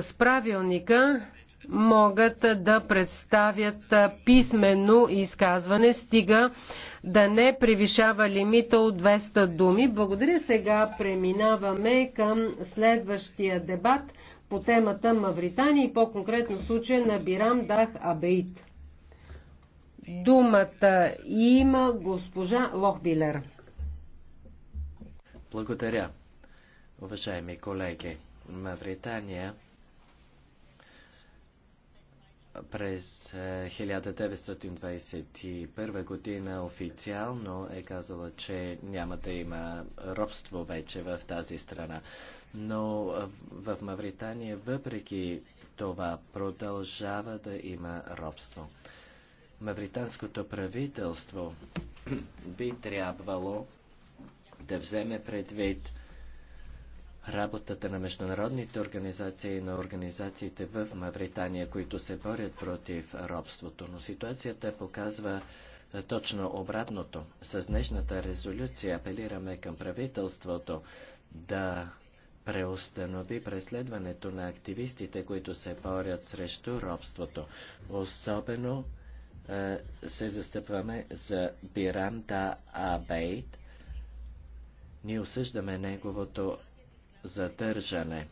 с правилника могат да представят писменно изказване, стига да не превишава лимита от 200 думи. Благодаря. Сега преминаваме към следващия дебат по темата Мавритания и по-конкретно случая на Бирам Дах Абеит. Думата има госпожа Лохбилер. Благодаря. Уважаеми колеги, Мавритания през 1921 е, година официално е казала, че няма да има робство вече в тази страна. Но в Мавритания въпреки това продължава да има робство. Мавританското правителство би трябвало да вземе предвид работата на международните организации и на организациите в Мавритания, които се борят против робството. Но ситуацията показва е, точно обратното. С днешната резолюция апелираме към правителството да преустанови преследването на активистите, които се борят срещу робството. Особено е, се застъпваме за биранта Абейт. Ние осъждаме неговото задържане.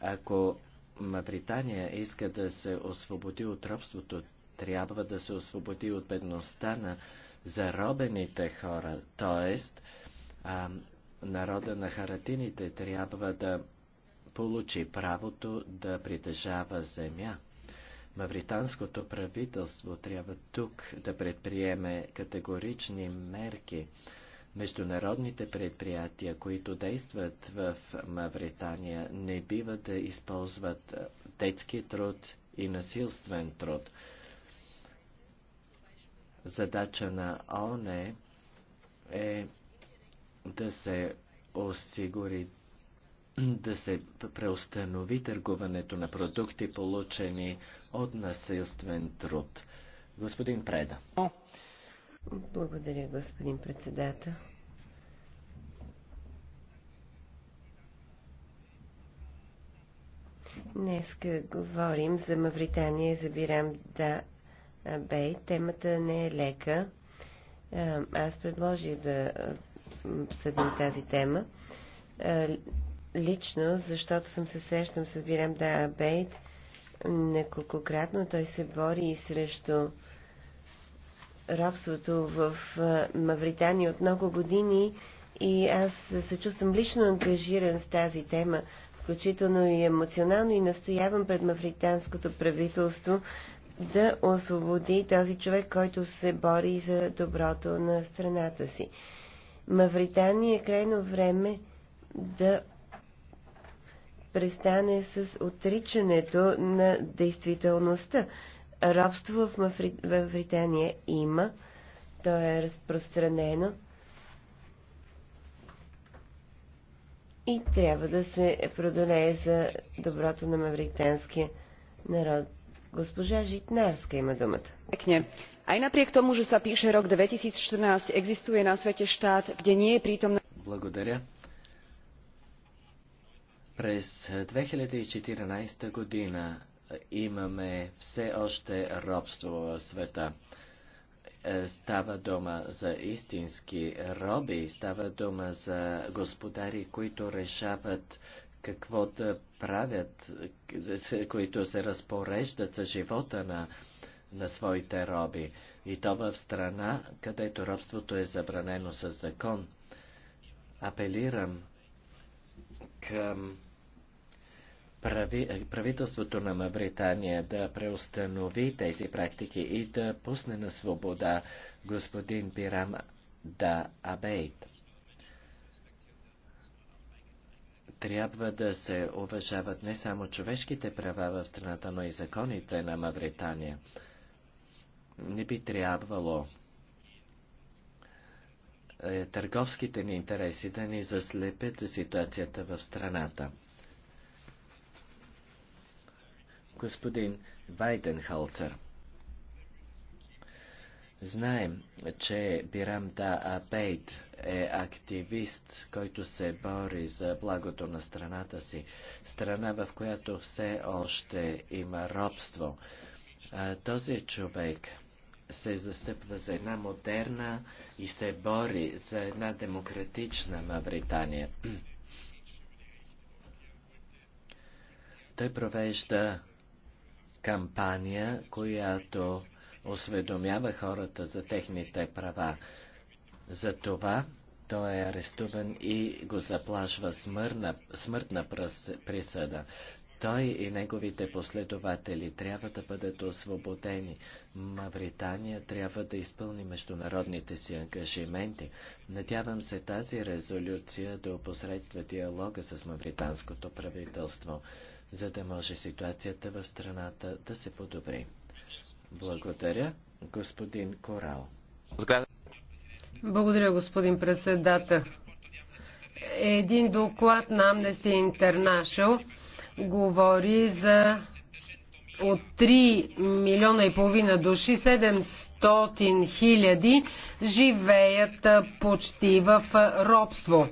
Ако Мавритания иска да се освободи от робството, трябва да се освободи от бедността на заробените хора, т.е. народа на харатините трябва да получи правото да притежава земя. Мавританското правителство трябва тук да предприеме категорични мерки международните предприятия, които действат в Мавритания, не бива да използват детски труд и насилствен труд. Задача на ОНЕ е да се осигури да се преустанови търгуването на продукти, получени от насилствен труд. Господин Преда. Благодаря, господин председател. Днес говорим за Мавритания, за Бирам да Бей. Темата не е лека. Аз предложих да обсъдим тази тема. Лично, защото съм се срещам с Бирам да Бей неколкократно. Той се бори и срещу рабството в Мавритания от много години и аз се чувствам лично ангажиран с тази тема, включително и емоционално и настоявам пред мавританското правителство да освободи този човек, който се бори за доброто на страната си. Мавритания е крайно време да престане с отричането на действителността рабство в, Мавритания има, то е разпространено и трябва да се продолее за доброто на мавританския народ. Госпожа Житнарска има думата. Пекне. Ай напрек тому, че са пише рок 2014, existuje na svete štát, kde nie je prítomná... Благодаря. През 2014 година имаме все още робство в света. Е, става дума за истински роби, става дума за господари, които решават какво да правят, които се разпореждат за живота на, на своите роби. И то в страна, където робството е забранено със закон. Апелирам към прави, правителството на Мавритания да преустанови тези практики и да пусне на свобода господин Бирам да Абейт. Трябва да се уважават не само човешките права в страната, но и законите на Мавритания. Не би трябвало е, търговските ни интереси да ни заслепят за ситуацията в страната. господин Вайденхалцер. Знаем, че Бирамта Абейт е активист, който се бори за благото на страната си, страна в която все още има робство. Този човек се застъпва за една модерна и се бори за една демократична Мавритания. Той провежда кампания, която осведомява хората за техните права. За това той е арестуван и го заплашва смъртна, смъртна присъда. Той и неговите последователи трябва да бъдат освободени. Мавритания трябва да изпълни международните си ангажименти. Надявам се тази резолюция да опосредства диалога с мавританското правителство за да може ситуацията в страната да се подобри. Благодаря, господин Корал. Благодаря, господин председател. Един доклад на Amnesty International говори за от 3 милиона и половина души, 700 хиляди живеят почти в робство.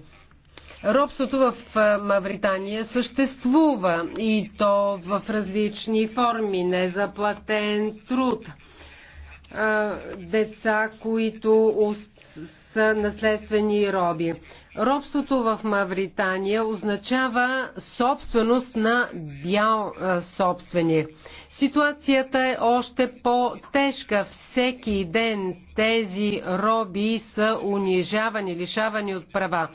Робството в Мавритания съществува и то в различни форми, незаплатен труд. Деца, които са наследствени роби. Робството в Мавритания означава собственост на бял собственик. Ситуацията е още по-тежка. Всеки ден тези роби са унижавани, лишавани от права.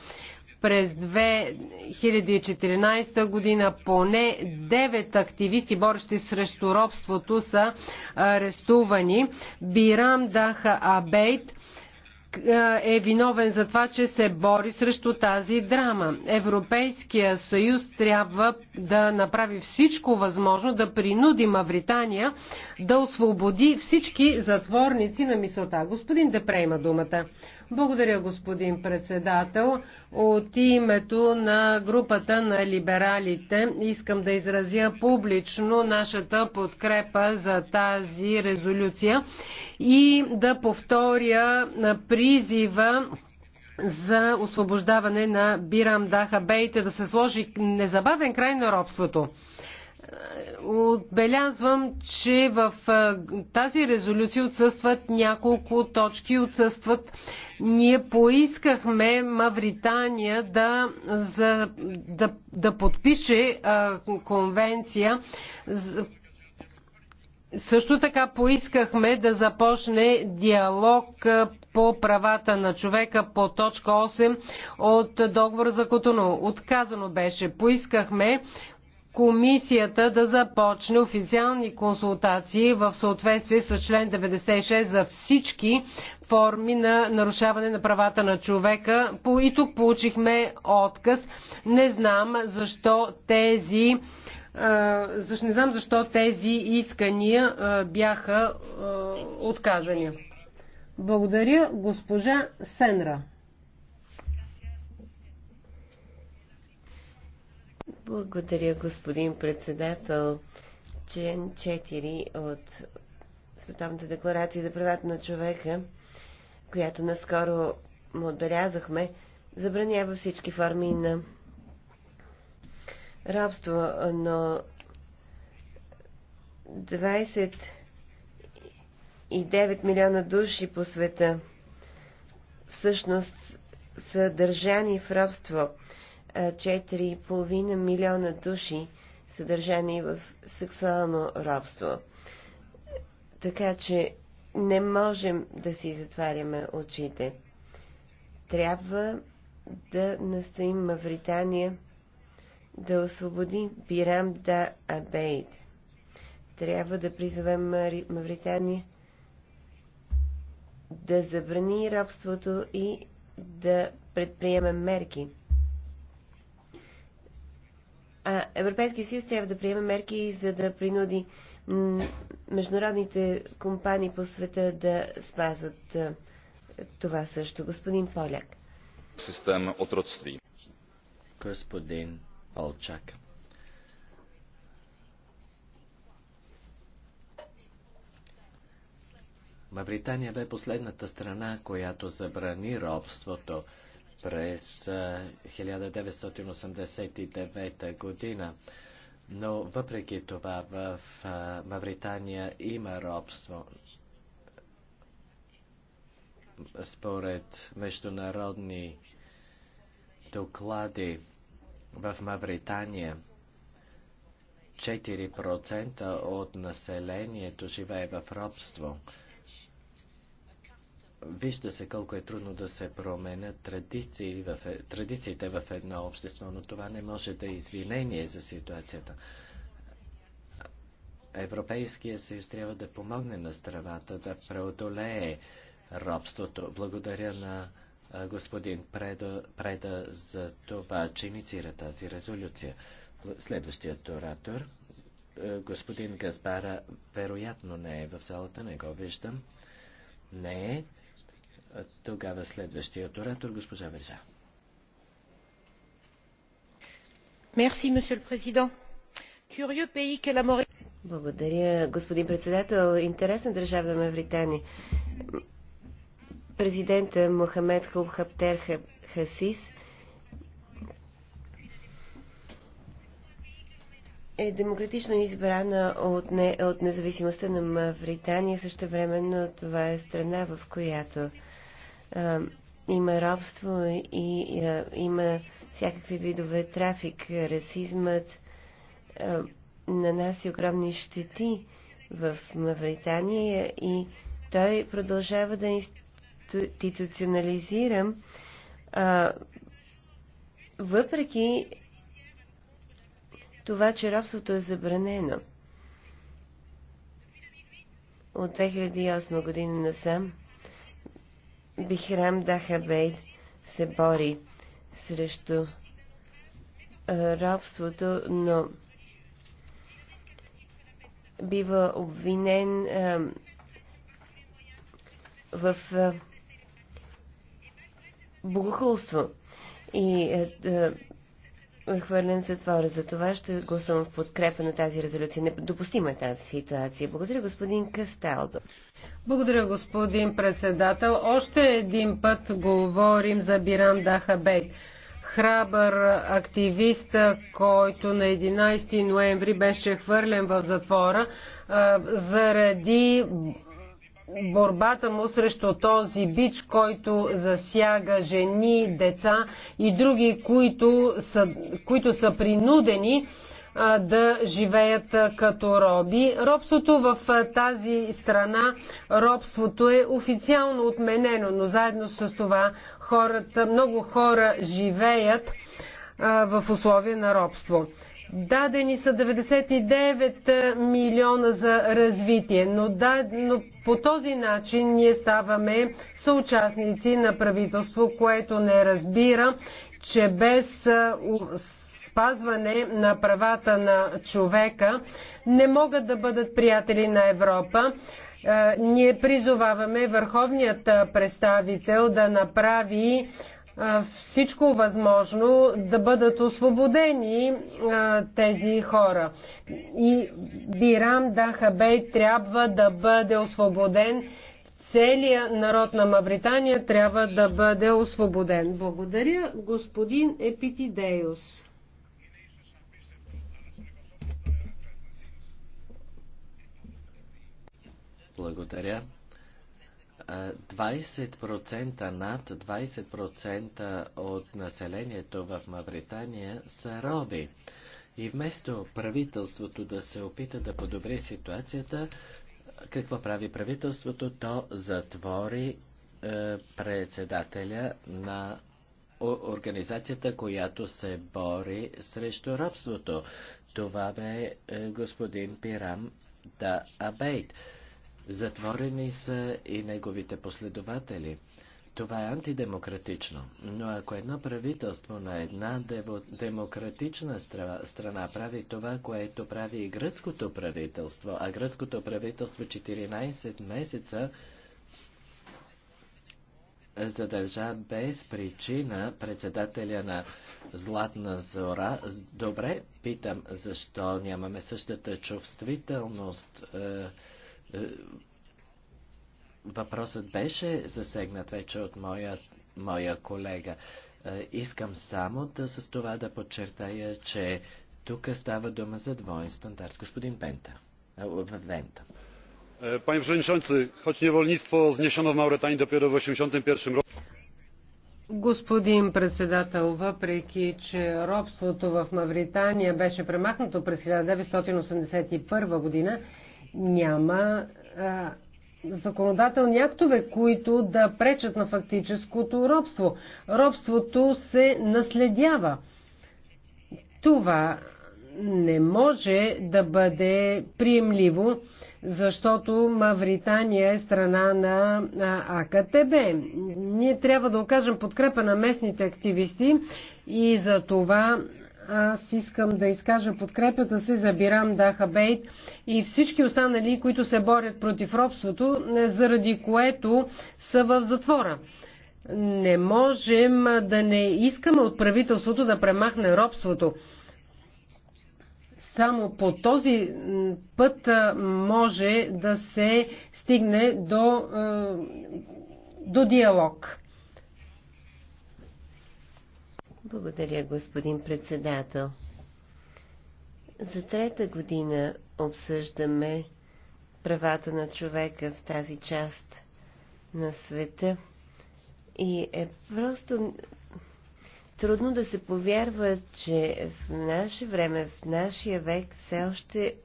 През 2014 година поне 9 активисти, борещи срещу робството, са арестувани. Бирам Даха Абейт е виновен за това, че се бори срещу тази драма. Европейския съюз трябва да направи всичко възможно да принуди Мавритания да освободи всички затворници на мисълта. Господин Депре има думата. Благодаря, господин председател. От името на групата на либералите искам да изразя публично нашата подкрепа за тази резолюция и да повторя призива за освобождаване на Бирам Даха Бейте, да се сложи незабавен край на робството. Отбелязвам, че в тази резолюция отсъстват няколко точки, отсъстват. Ние поискахме Мавритания да, за, да, да подпише а, конвенция. Също така поискахме да започне диалог по правата на човека по точка 8 от договора за Котоно. Отказано беше. Поискахме комисията да започне официални консултации в съответствие с член 96 за всички форми на нарушаване на правата на човека. И тук получихме отказ. Не знам защо тези защо, не знам защо тези искания бяха отказани. Благодаря, госпожа Сенра. Благодаря, господин председател. Член 4 от Световната декларация за правата на човека, която наскоро му отбелязахме, забранява всички форми на рабство, но 29 милиона души по света всъщност са държани в рабство. 4,5 милиона души, съдържани в сексуално робство. Така че не можем да си затваряме очите. Трябва да настоим Мавритания да освободи Бирам да Абейд. Трябва да призовем Мавритания да забрани рабството и да предприеме мерки – а Европейския съюз трябва да приеме мерки, за да принуди международните компании по света да спазват това също. Господин Поляк. Система отродстви. Господин Полчак. Мавритания бе последната страна, която забрани робството през 1989 година. Но въпреки това в Мавритания има робство. Според международни доклади в Мавритания 4% от населението живее в робство. Вижда се колко е трудно да се променят традиции в, е, традициите в едно общество, но това не може да е извинение за ситуацията. Европейския съюз трябва да помогне на страната да преодолее робството. Благодаря на господин Преда, Преда за това, че инициира тази резолюция. Следващият оратор, господин Газбара, вероятно не е в залата, не го виждам. Не е. Тогава следващият оратор, госпожа Вержа. Мерси, президент. Благодаря, господин председател. Интересна държава Мавритания. Президента Мохамед Хуб Хасис е демократично избрана от, не, от независимостта на Мавритания. Също времено това е страна, в която а, е, има робство и а, е, има всякакви видове трафик. Расизмът а, е, нанася огромни щети в Мавритания и той продължава да институционализира а, въпреки това, че робството е забранено. От 2008 година насам Бихрам Дахабейт се бори срещу рабството, но бива обвинен а, в а, богохулство. И се затвора. За това ще гласувам в подкрепа на тази резолюция. Недопустима е тази ситуация. Благодаря, господин Касталдо. Благодаря, господин председател. Още един път говорим за Бирам Дахабек. Храбър активист, който на 11 ноември беше хвърлен в затвора заради борбата му срещу този бич, който засяга жени, деца и други, които са, които са принудени да живеят като роби. Робството в тази страна, робството е официално отменено, но заедно с това хората, много хора живеят в условия на робство. Дадени са 99 е, милиона за развитие, но, да, но по този начин ние ставаме съучастници на правителство, което не разбира, че без е, спазване на правата на човека не могат да бъдат приятели на Европа. Е, ние призоваваме върховният представител да направи всичко възможно да бъдат освободени тези хора. И Бирам Дахабей трябва да бъде освободен. Целият народ на Мавритания трябва да бъде освободен. Благодаря, господин Епитидеус. Благодаря. 20% над 20% от населението в Мавритания са роби. И вместо правителството да се опита да подобри ситуацията, какво прави правителството? То затвори е, председателя на организацията, която се бори срещу робството. Това бе е, господин Пирам да Абейт. Е, Затворени са и неговите последователи. Това е антидемократично, но ако едно правителство на една демократична страна, прави това, което прави и гръцкото правителство, а гръцкото правителство 14 месеца задържа без причина председателя на Златна Зора. Добре, питам, защо нямаме същата чувствителност е, е, въпросът беше засегнат вече от моя, моя колега. Е, искам само да с това да подчертая, че тук става дума за двоен стандарт. Господин Бента. Вента. Е, пане хоч Przewodniczący, волниство знешено в w допиро в 81-м року. Господин председател, въпреки че робството в Мавритания беше премахнато през 1981 година, няма а, законодателни актове, които да пречат на фактическото робство. Робството се наследява. Това не може да бъде приемливо, защото Мавритания е страна на АКТБ. Ние трябва да окажем подкрепа на местните активисти и за това аз искам да изкажа подкрепата си за Бирам Дахабейт и всички останали, които се борят против робството, е, заради което са в затвора. Не можем да не искаме от правителството да премахне робството. Само по този път може да се стигне до, до диалог. Благодаря, господин председател. За трета година обсъждаме правата на човека в тази част на света. И е просто трудно да се повярва, че в наше време, в нашия век все още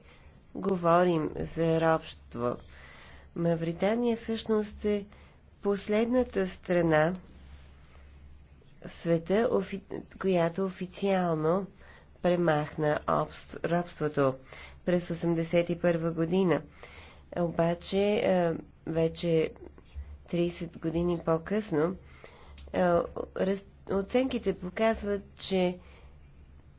говорим за робство. Мавритания всъщност е последната страна, света, офи... която официално премахна робството рабството през 1981 година. Обаче, е, вече 30 години по-късно, е, оценките показват, че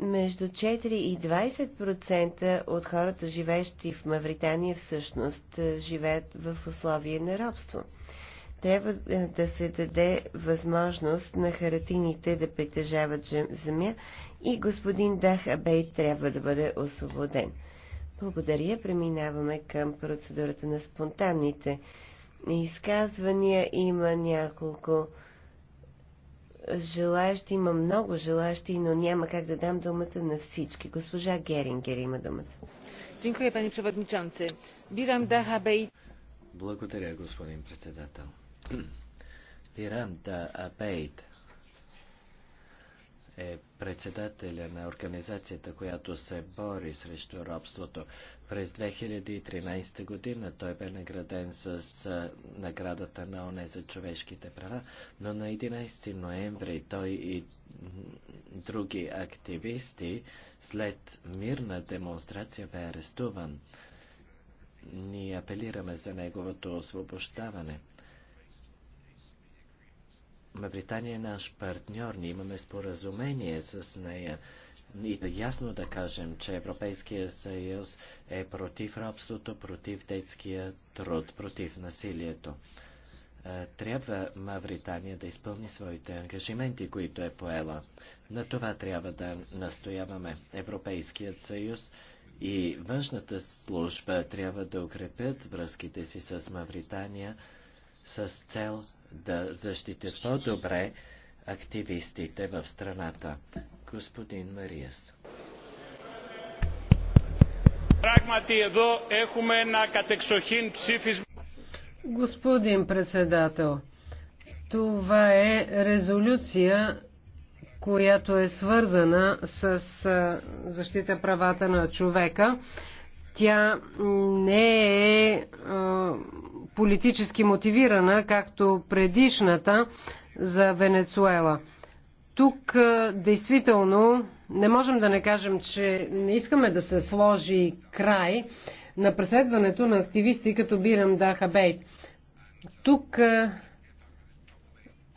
между 4 и 20% от хората, живеещи в Мавритания, всъщност е, живеят в условия на робство. Трябва е, да се даде възможност на харатините да притежават земя и господин Дах Абей трябва да бъде освободен. Благодаря. Преминаваме към процедурата на спонтанните изказвания. Има няколко желаящи, има много желаящи, но няма как да дам думата на всички. Госпожа Герингер има думата. Благодаря, господин председател. Пирам да Абейд е председателя на организацията, която се бори срещу робството. През 2013 година той бе награден с наградата на ОНЕ за човешките права, но на 11 ноември той и други активисти след мирна демонстрация бе арестуван. Ние апелираме за неговото освобождаване. Мавритания е наш партньор, ние имаме споразумение с нея. И да ясно да кажем, че Европейския съюз е против рабството, против детския труд, против насилието. Е, трябва Мавритания да изпълни своите ангажименти, които е поела. На това трябва да настояваме. Европейският съюз и външната служба трябва да укрепят връзките си с Мавритания с цел да защитят по-добре активистите в страната. Господин Мариас. Господин председател, това е резолюция, която е свързана с защита правата на човека. Тя не е политически мотивирана, както предишната за Венецуела. Тук действително не можем да не кажем, че не искаме да се сложи край на преследването на активисти като Бирам Дахабейт. Тук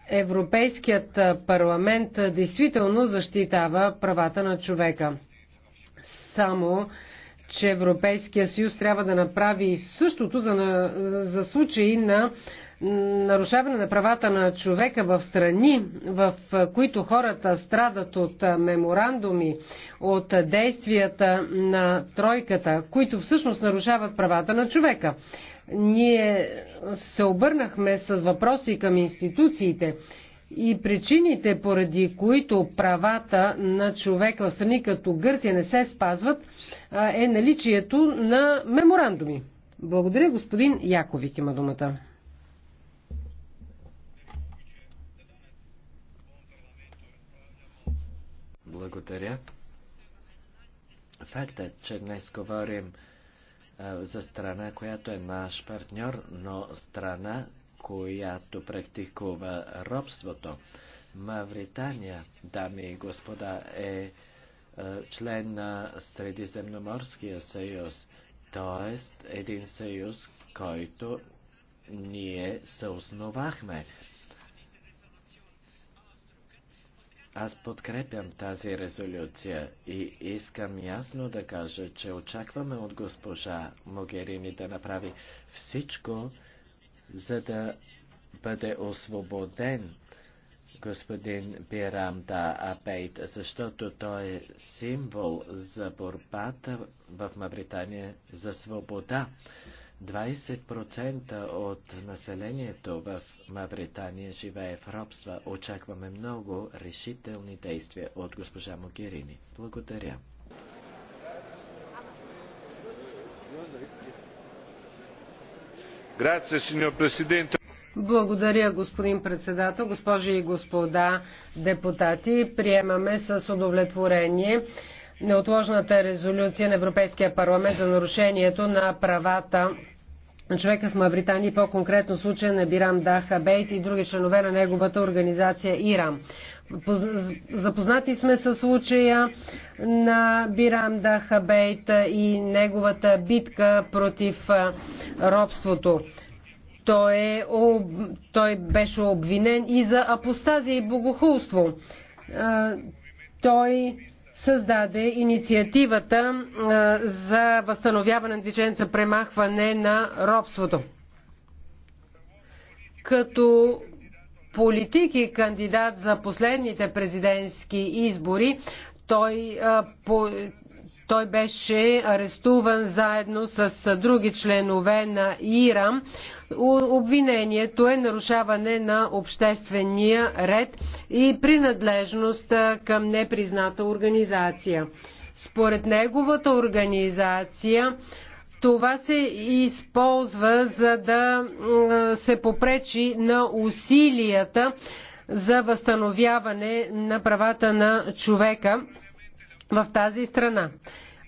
Европейският парламент действително защитава правата на човека. Само че Европейския съюз трябва да направи същото за, на, за случаи на нарушаване на правата на човека в страни, в които хората страдат от меморандуми, от действията на тройката, които всъщност нарушават правата на човека. Ние се обърнахме с въпроси към институциите и причините, поради които правата на човека в страни като Гърция не се спазват, е наличието на меморандуми. Благодаря, господин Яковик има думата. Благодаря. Фактът, е, че днес говорим за страна, която е наш партньор, но страна, която практикува робството. Мавритания, дами и господа, е, е член на Средиземноморския съюз, т.е. един съюз, който ние съосновахме. Аз подкрепям тази резолюция и искам ясно да кажа, че очакваме от госпожа Могерини да направи всичко, за да бъде освободен господин Пирамда Апейт, защото той е символ за борбата в Мавритания за свобода. 20% от населението в Мавритания живее в робства. Очакваме много решителни действия от госпожа Могерини. Благодаря. Благодаря, господин председател, госпожи и господа депутати. Приемаме с удовлетворение неотложната резолюция на Европейския парламент за нарушението на правата на на човека в Мавритания, по-конкретно случая на Бирам Даха Бейт и други членове на неговата организация Ирам. Запознати сме с случая на Бирам Бейт и неговата битка против робството. Той, е об... той беше обвинен и за апостазия и богохулство. Той създаде инициативата за възстановяване на движението за премахване на робството. Като политик и кандидат за последните президентски избори, той, по, той беше арестуван заедно с други членове на ИРА Обвинението е нарушаване на обществения ред и принадлежност към непризната организация. Според неговата организация това се използва за да се попречи на усилията за възстановяване на правата на човека в тази страна.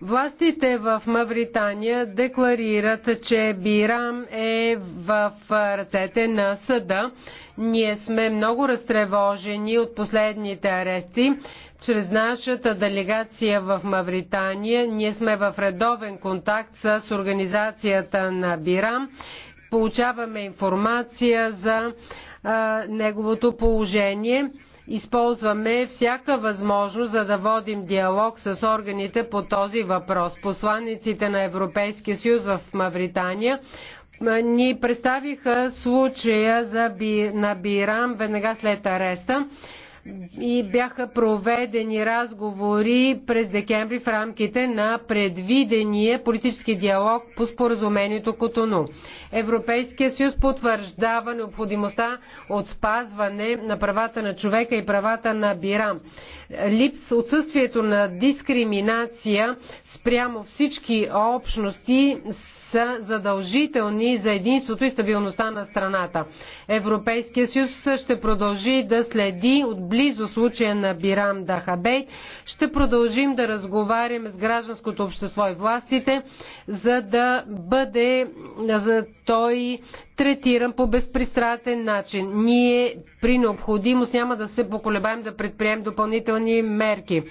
Властите в Мавритания декларират, че Бирам е в ръцете на съда. Ние сме много разтревожени от последните арести. Чрез нашата делегация в Мавритания ние сме в редовен контакт с организацията на Бирам. Получаваме информация за а, неговото положение. Използваме всяка възможност за да водим диалог с органите по този въпрос. Посланниците на Европейския съюз в Мавритания ни представиха случая за, на Бирам веднага след ареста и бяха проведени разговори през декември в рамките на предвидения политически диалог по споразумението Котону. Европейския съюз потвърждава необходимостта от спазване на правата на човека и правата на Бирам липс, отсъствието на дискриминация спрямо всички общности са задължителни за единството и стабилността на страната. Европейския съюз ще продължи да следи отблизо случая на Бирам Дахабей. Ще продължим да разговаряме с гражданското общество и властите, за да бъде за той третиран по безпристратен начин. Ние при необходимост няма да се поколебаем да предприемем допълнителни мерки.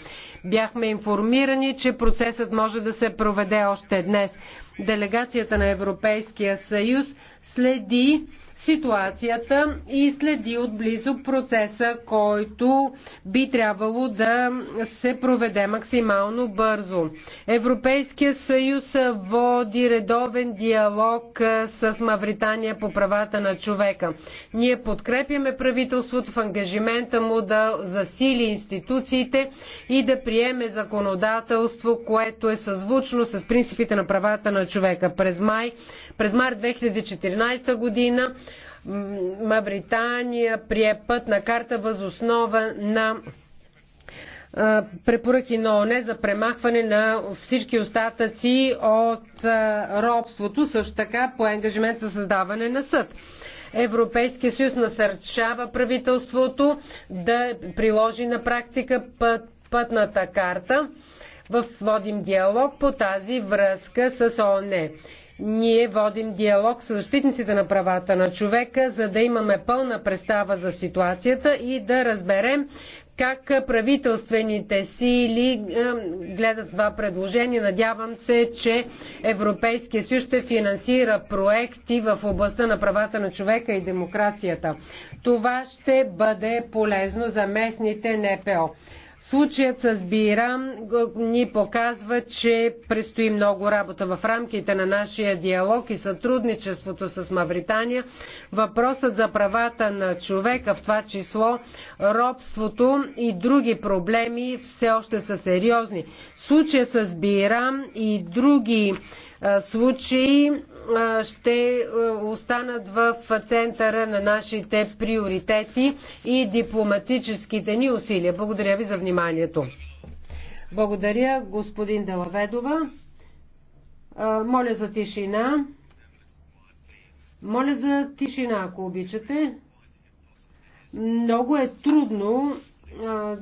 Бяхме информирани, че процесът може да се проведе още днес. Делегацията на Европейския съюз следи ситуацията и следи отблизо процеса, който би трябвало да се проведе максимално бързо. Европейския съюз води редовен диалог с Мавритания по правата на човека. Ние подкрепяме правителството в ангажимента му да засили институциите и да приеме законодателство, което е съзвучно с принципите на правата на човека. През май през март 2014 година Мавритания прие пътна карта възоснова на препоръки на ОНЕ за премахване на всички остатъци от робството, също така по ангажимент за създаване на съд. Европейския съюз насърчава правителството да приложи на практика път, пътната карта. В водим диалог по тази връзка с ОНЕ. Ние водим диалог с защитниците на правата на човека, за да имаме пълна представа за ситуацията и да разберем как правителствените сили е, гледат това предложение. Надявам се, че Европейския съюз ще финансира проекти в областта на правата на човека и демокрацията. Това ще бъде полезно за местните НПО. Случаят с Бирам ни показва, че предстои много работа в рамките на нашия диалог и сътрудничеството с Мавритания. Въпросът за правата на човека, в това число робството и други проблеми все още са сериозни. Случаят с Бирам и други случаи ще останат в центъра на нашите приоритети и дипломатическите ни усилия. Благодаря ви за вниманието. Благодаря, господин Делаведова. Моля за тишина. Моля за тишина, ако обичате. Много е трудно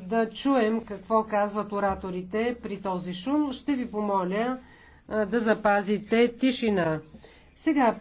да чуем какво казват ораторите при този шум. Ще ви помоля да запазите тишина. Сега